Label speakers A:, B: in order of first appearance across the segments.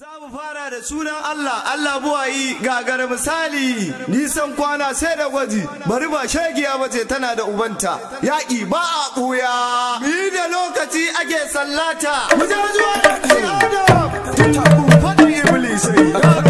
A: Za mu fara da sunan Allah, Allah buwayi gagari misali, nisan kwana sai da gwaji, bari ba shagiya ba ce tana da ubanta, yaƙi ba a ɓuya, mi da lokaci ake sallata, mu zuwa da Adam, faɗin Iblis.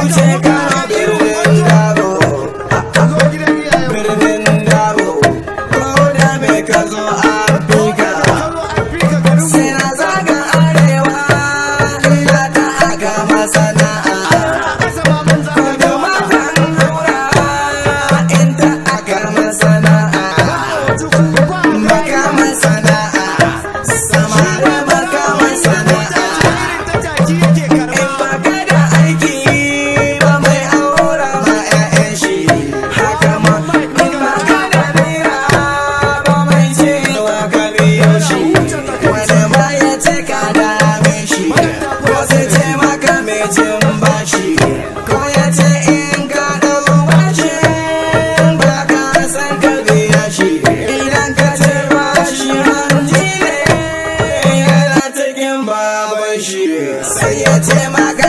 A: Dulce shi sai ya ce maka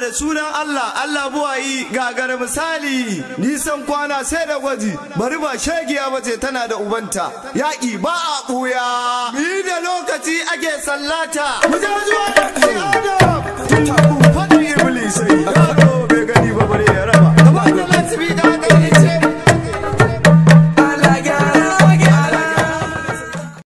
A: da sunan Allah Allah buwayi gagara misali nisan kwana sai da gwaji bari ba shagiya ba ce tana da ubanta yaƙi ba a ɓuya yi da lokaci ake sallata mu zuwa da iblis